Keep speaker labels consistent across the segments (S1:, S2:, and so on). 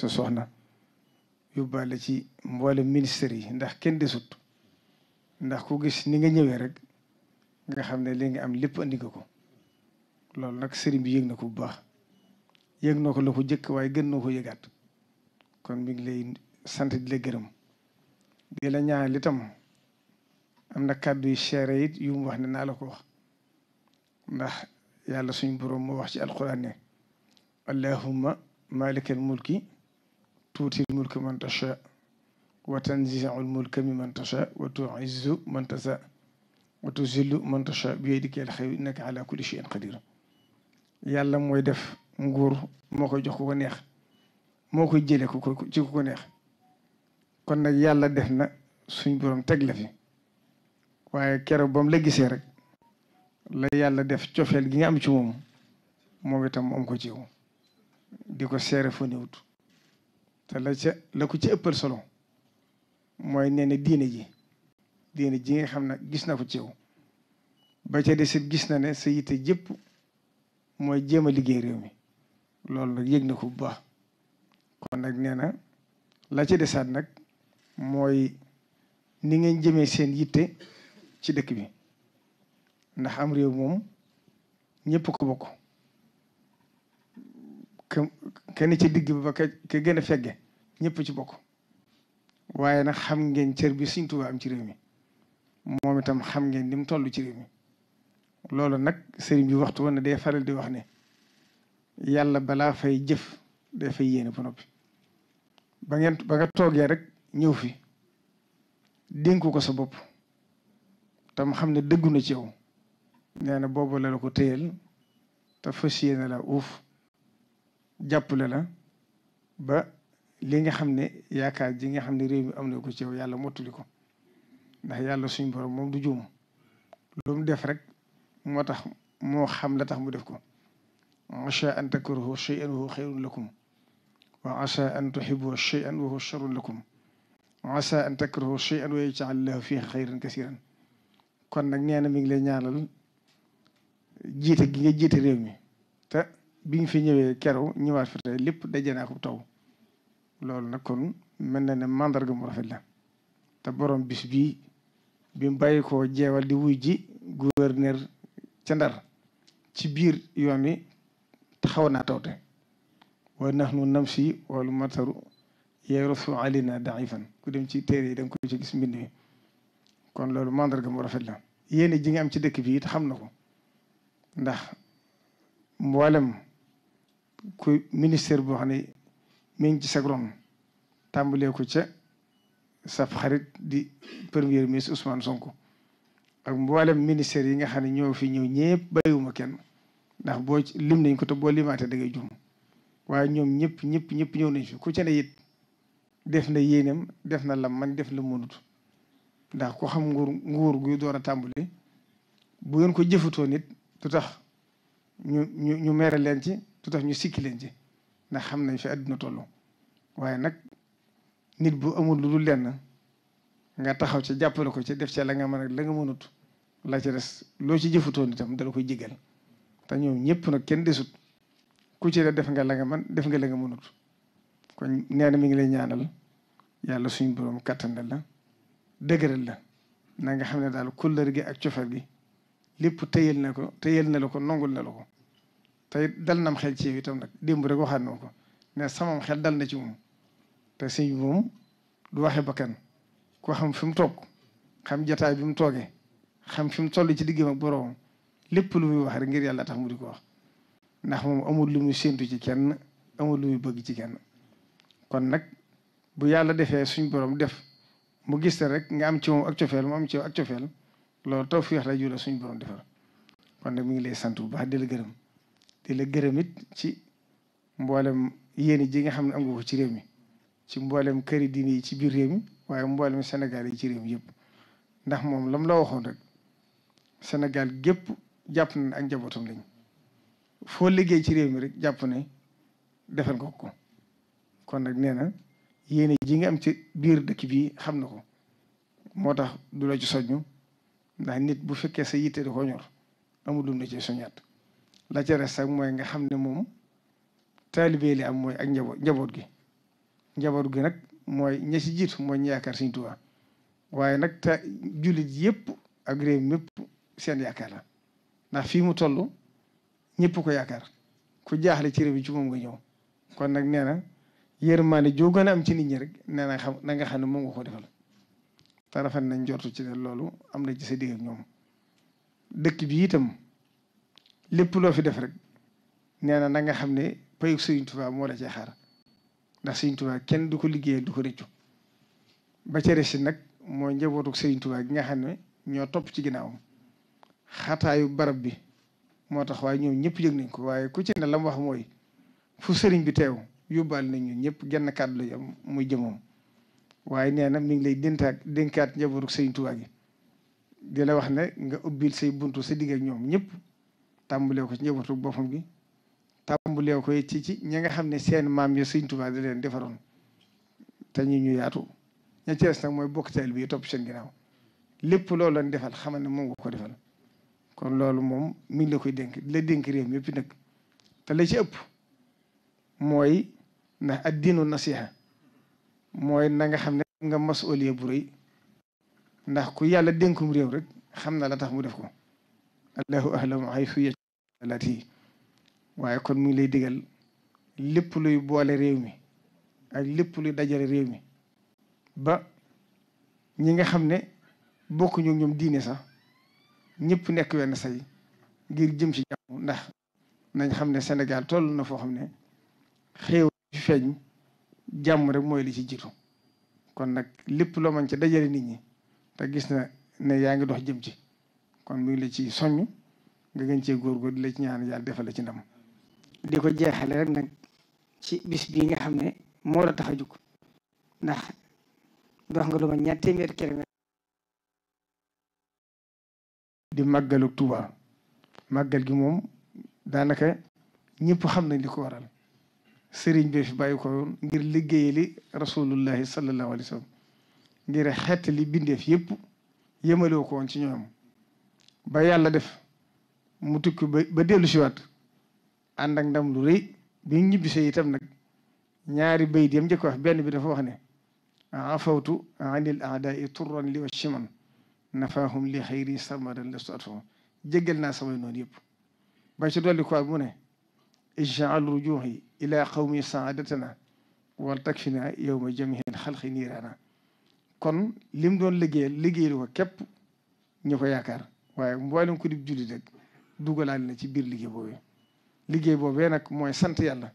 S1: sa soxna yóbbaale ci mboole ministère yi ndax kenn desut ndax ku gis ni nga ñëwee rek nga xam ne li nga am lépp andi nga ko loolu nag sëriñ bi yëg na ko bu baax yëg na ko la ko jëkk waaye gën na ko yëgaat kon mi ngi lay sant di la gërëm di la ñaanal itam am na kàddu yu seere it yu mu wax ne naa la ko wax ndax yàlla suñu boroom moo wax ci alquran ne allahumma malikal mulki tuuti mulk man tasha wa tanzi'ul mulk mimman tasha wa tu'izzu man tasha wa tuzillu man tasha bi yadikal khayr innaka ala kulli shay'in yàlla mooy def nguur moo koy jox ku ko neex moo koy jëlee ku ko ci ku ko neex kon nag yàlla def na suñ borom teg la fi waaye kere ba mu la gisee rek la yàlla def cofeel gi nga am ci moom moom itam mu am ko ci yow di ko seere fo néewut te la ca la ko ci ëppal solo mooy nee na diine ji diine ji nga xam ne gis na ko ci yow ba ca desit gis na ne sa yitte jëpp mooy jéem a liggéey réew mi loolu nag yëg na ko bu baax kon nag nee na la ca desaat nag mooy ni ngeen jëmee seen yitte ci dëkk bi ndax am réew moom ñëpp ko bokk kenn ci digg ba ka ka gën a fegge ñépp ci bokk waaye nag xam ngeen cër bi Sëriñ Tuubaa am ci réew mi moom itam xam ngeen ni mu toll ci réew mi loolu nag sëriñ bi waxtu woon ne day faral di wax ne yàlla balaa fay jëf day fay yéene ba ba ngeen ba nga toogee rek ñëw fi dénku ko sa bopp tam xam ne dëggu na ci yow nee na la la ko téyel te fas yéene la uuf jàppale la ba li nga xam ne yaakaar ji nga xam ne réew mi am na ko ci yow yàlla mottali ko ndax yàlla suñ borom moom du juum lu mu def rek moo tax moo xam la tax mu def ko acha an takrahu shay'an wa huwa xayrun lakum wa acha an tuhibbu shay'an wa huwa sharrun lakum acha an kasiran kon nag nee na mi ngi lay ñaanal jiite gi nga jiite réew mi te bi nga fi ñëwee keroog ñëwaat fi tey lépp daje naa ko taw loolu nag kon mel na ne mandarga mu rafet la te borom bis bii bi mu bàyyi koo jeewal di wuy ji gouverneur ca ndar ci biir yoon wi taxaw naa tawte wa nahnu namsi wal mataru yarasu alina daifan ku dem ci téere yi da nga ko ci gis mbind kon loolu mandarga mu rafet la yéen ji nga am ci dëkk bi it xam na ko ndax mboolem ku ministère boo xam ne mi ngi ci sa ron tàmbalee ko ca sa xarit di premier ministre Ousmane Sonko ak mboolem ministère yi nga xam ne ñoo fi ñëw ñëpp bàyyiwuma kenn ndax boo lim nañ ko te boo limaatee da ngay jum waaye ñoom ñëpp ñëpp ñëpp ñëw nañ fi ku ca ne it def na yéenam def na lam man def la mënut ndax ko xam nguur nguur guy door a tàmbali bu ngeen ko jëfatoo nit du tax ñu ñu ñu mere leen ci du tax ñu sikki leen ci ndax xam nañ fi àdduna toll waaye nag nit bu amul lu dul lenn nga taxaw ca jàppale ko ci def ci la nga mën ak la nga mënut la ci des loo ci jëfutoon itam dala koy jéggal te ñoom ñëpp nag kenn desut ku ci def nga la man def nga la nga mënut kon nee na mi ngi lay ñaanal yàlla suñu borom kattanal la dëgëral la na nga xam ne daal kóllër gi ak cofal gi lépp téyel na ko téyel na la ko nongul na la ko tey dal nam xel ci witam rek nag démb rek waxaat na ko ne samam xel dal na ci moom te sëñ bi moom du waxe bakkan koo xam fi mu toog xam jataay bi mu toogee xam fi mu toll ci diggam ak boroomam lépp lu muy wax rek ngir yàlla tax mu di ko wax ndax moom amul lu muy séentu ci kenn amul lu bëgg ci kon nag bu yàlla defee suñ borom def mu gis rek nga am ci moom ak cofeel mu am ci ak cofeel loolu taw fiix la jula suñ borom defal kon nag mi ngi lay sant bu baax di la gërëm la gërëmit ci mboolem yéen ji nga xam ne am nga ko ci réew mi ci mboolem këri diine ci biir réew mi waaye mboolem Sénégal yi ci réew mi yëpp ndax moom lam la waxoon rek senegal gépp jàpp na ak njabootam lañ foo liggéey ci réew mi rek jàpp ne defal nga ko kon nag nee na yéen ji nga am ci biir dëkk bi xam na ko moo tax du la ci soññu ndax nit bu fekkee sa yitte da koo ñor amul lum na ci soññaat la ca res ak mooy nga xam ne moom taalibe li am mooy ak njaboot njaboot gi njaboot gi nag mooy ña si jiitu mooy ñu yaakaar Sëriñ Tuubaa waaye nag te yëpp ak réew mépp seen yaakaar la ndax fii mu toll ñëpp ko yaakaar ku jaaxle ci réew ci moom nga ñëw kon nag nee na yërmaande joo gën a am ci nit ñi rek nee na xam na nga xam ne moom nga ko defal te rafet nañ jortu ci ne loolu am na ci sa digg ñoom dëkk bi itam lépp loo fi def rek nee na na nga xam ne payu Sëriñ Tuubaa moo la cee ndax Sëriñ Tuubaa kenn du ko liggéeyee du ko rëccu ba ca si nag mooy njabootu Sëriñ Tuubaa gi nga xam ne ñoo topp ci ginnaawam xataayu barab bi moo tax waaye ñëpp yëg nañ ko waaye ku ci ne la mu wax mooy fu sëriñ bi teew yóbbaal nañ ñu ñëpp genn kàddu la am muy jëmoom waaye nee na mi ngi lay déntaat dénkaat njabootu Sëriñ Tuubaa gi di la wax ne nga ubbil say buntu sa digg ak ñoom ñëpp tàmbulee ko ci njabootu boppam gi tàmbulee ko ci ci ña nga xam ne seen maam ya Sëñ Tuubaa da leen defaroon te ñu ñu yaatu ña ci nag mooy bokk taal bi topp seen ginnaaw lépp loolu lañ defal xamal ne moom nga ko defal kon loolu moom mi la koy dénk la dénk réew mi yëpp nag te la ci ëpp mooy ndax addiinu nasiha mooy na nga xam ne nga masuliya bu rëy ndax ku yàlla dénkum réew rek xam na la tax mu def ko allahu ahlamu haysu laat yi waaye kon mu ngi lay digal lépp luy boole réew mi ak lépp luy dajale réew mi ba ñi nga xam ne bokkuñu ñoom diine sax ñëpp nekk wenn say ngir jëm ci jàmm ndax nañ xam ne senegal toll na foo xam ne xéew ci feeñ jàmm rek mooy li ci jiitu kon nag lépp loo mañ ci dajale nit ñi te gis na ne yaa ngi dox jëm ci kon mu la ci soññ nga gën cee góorgóor di la ñaan yàlla defal la ci ndam di ko jeexale rek nag ci bis bii nga xam ne moo la tax a jóg ndax dox nga lu ma ñaar téeméer kilomètre di màggalu Tuuba màggal gi moom daanaka ñëpp xam nañ di ko waral sëriñ bi fi bàyyi ko ngir liggéeyee li rasulullahi sallallahu alayhi ngir xeet li bindeef yëpp yëmaloo ko woon ci ñoom ba yàlla def mu tukki ba ba dellu siwaat ànd ak ndam lu rëy bi ñibbisee itam nag ñaari bay dem njëkk wax benn bi dafa wax ne afawtu anil aadai turran li wa chiman nafaahum li xayri samadan lastu atfahum jéggal naa samay noonu yëpp ba ci dolli quoi mu ne ijal rujuhi ila qawmi saadatana wal a yowma jamihil xalqi niiraana kon lim doon liggéeyal liggéeyalu ko képp ñu ko yaakaar waaye mboolem ko di julli rek dugalaale na ci biir liggéey boobu liggéey boobee nag mooy sant yàlla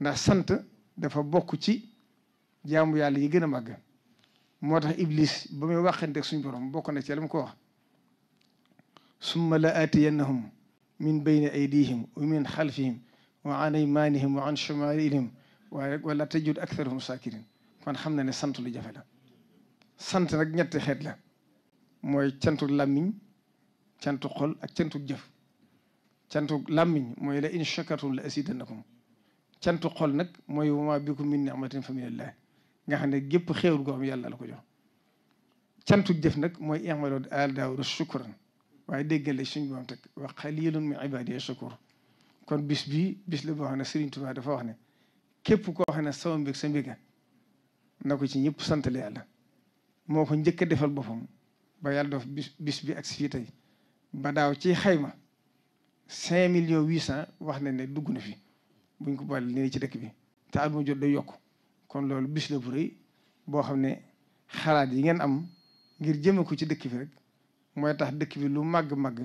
S1: ndax sant dafa bokk ci jaamu yàlla yi gën a màgg moo tax iblis ba muy waxante suñ borom bokk na ci la mu ko wax summa la aatiyannahum min bayni aydihim wa min xalfihim wa an aymanihim wa an chamailihim waaye wala tajud aktharahum sakirin kon xam na ne sant lu jafe la sant nag ñetti xeet la mooy cantu làmmiñ cantu xol ak cantu jaf cantu làmmiñ mooy la in shakartum la azidannakum cantu xol nag mooy wa maa bikum min ni'matin fa minallah nga xam ne gépp xéewal goo am yàlla la ko jox cantu jëf nag mooy i'malu aala daawuuda shukran waaye dégg la suñu boom teg wa qalilun min ibadiya shakur kon bis bii bis la boo xam ne Sëriñ Tuubaa dafa wax ne képp koo xam ne sama mbég sa mbéga na ko ci ñëpp sant la yàlla moo ko njëkk defal boppam ba yàlla def bis bis bi ak tey cinq millions huit cent wax nañ ne dugg na fi buñ ko boole li ci dëkk bi te at mu jot day yokk kon loolu bis la bu rëy boo xam ne xalaat yi ngeen am ngir jëme ko ci dëkk bi rek mooy tax dëkk bi lu màgg-màgg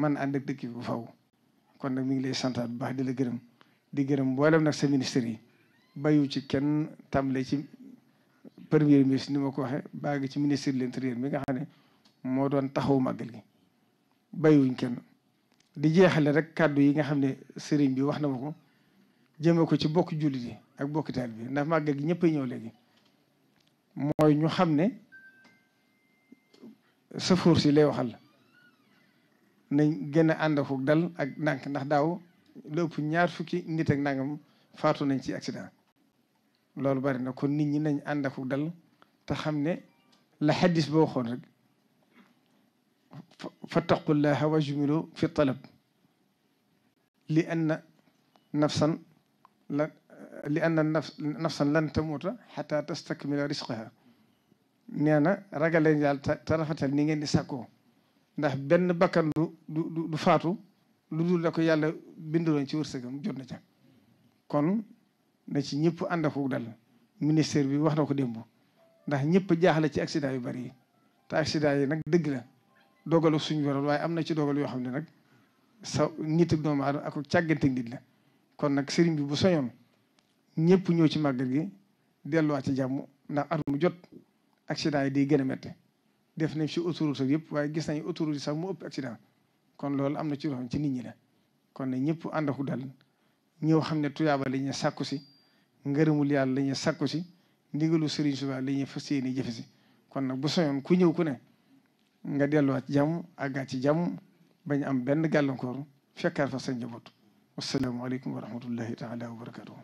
S1: man ànd ak dëkk bi bu faw kon nag mi ngi lay santaat bu baax di la gërëm di gërëm mboolem nag sa ministère yi bayu ci kenn tàmbale ci premier ministre ni ma ko waxee baa ngi ci ministre de l'intérieur mi nga xam ne moo doon taxaw màggal gi bayuñ kenn di jeexale rek kàddu yi nga xam ne sëriñ bi wax na ma ko jëme ko ci bokk jullit yi ak bokk taal bi ndax màggal gi ñëppay ñëw léegi mooy ñu xam ne safoor si lay waxal nañ gën a ànd ko dal ak ndànk ndax daaw lu ëpp ñaar fukki nit ak nangam faatu nañ ci accident loolu bari na kon nit ñi nañ ànd ko dal te xam ne la xaddis boo waxoon rek fattaqullaha wajmilu fi talab li anna nafsan la li anna nafsan lan tamuuta xata tastakmila risqaha nee na ragaleen yàlla te rafetal ni ngeen di sàkkoo ndax benn bakkan du du du faatu lu dul la ko yàlla bindaloon ci wërsëgam jot na ca kon na ci ñëpp ànd ak dal ministère bi wax na ko démb ndax ñëpp jaaxle ci accident yu bari yi te nag dëgg la dogalu suñu waral waaye am na ci dogal yoo xam ne nag sa nit ak doomu aadama ak càggante nit la kon nag sëriñ bi bu soñoon ñëpp ñëw ci màggal gi delluwaat ci jàmm ndax at mu jot accident yi day gën a métti def nañ ci autoroute yëpp waaye gis nañ autoroute sax mu ëpp accident kon loolu am na ci loo xam ci nit ñi la kon nag ñëpp ànd ak dal xam ne tuyaaba la sakku si ngërëmul yàlla lañuy ñuy si ndigalu sëriñ Suba la ñuy fas yéene jëfe si kon nag bu soñoon ku ñëw ku ne nga delluwaat jàmm àggaat ci jàmm bañ am benn gàllankoor fekkaat fa sa njaboot wassalaamu aleykum wa rahmatullahi taala wa barakatuh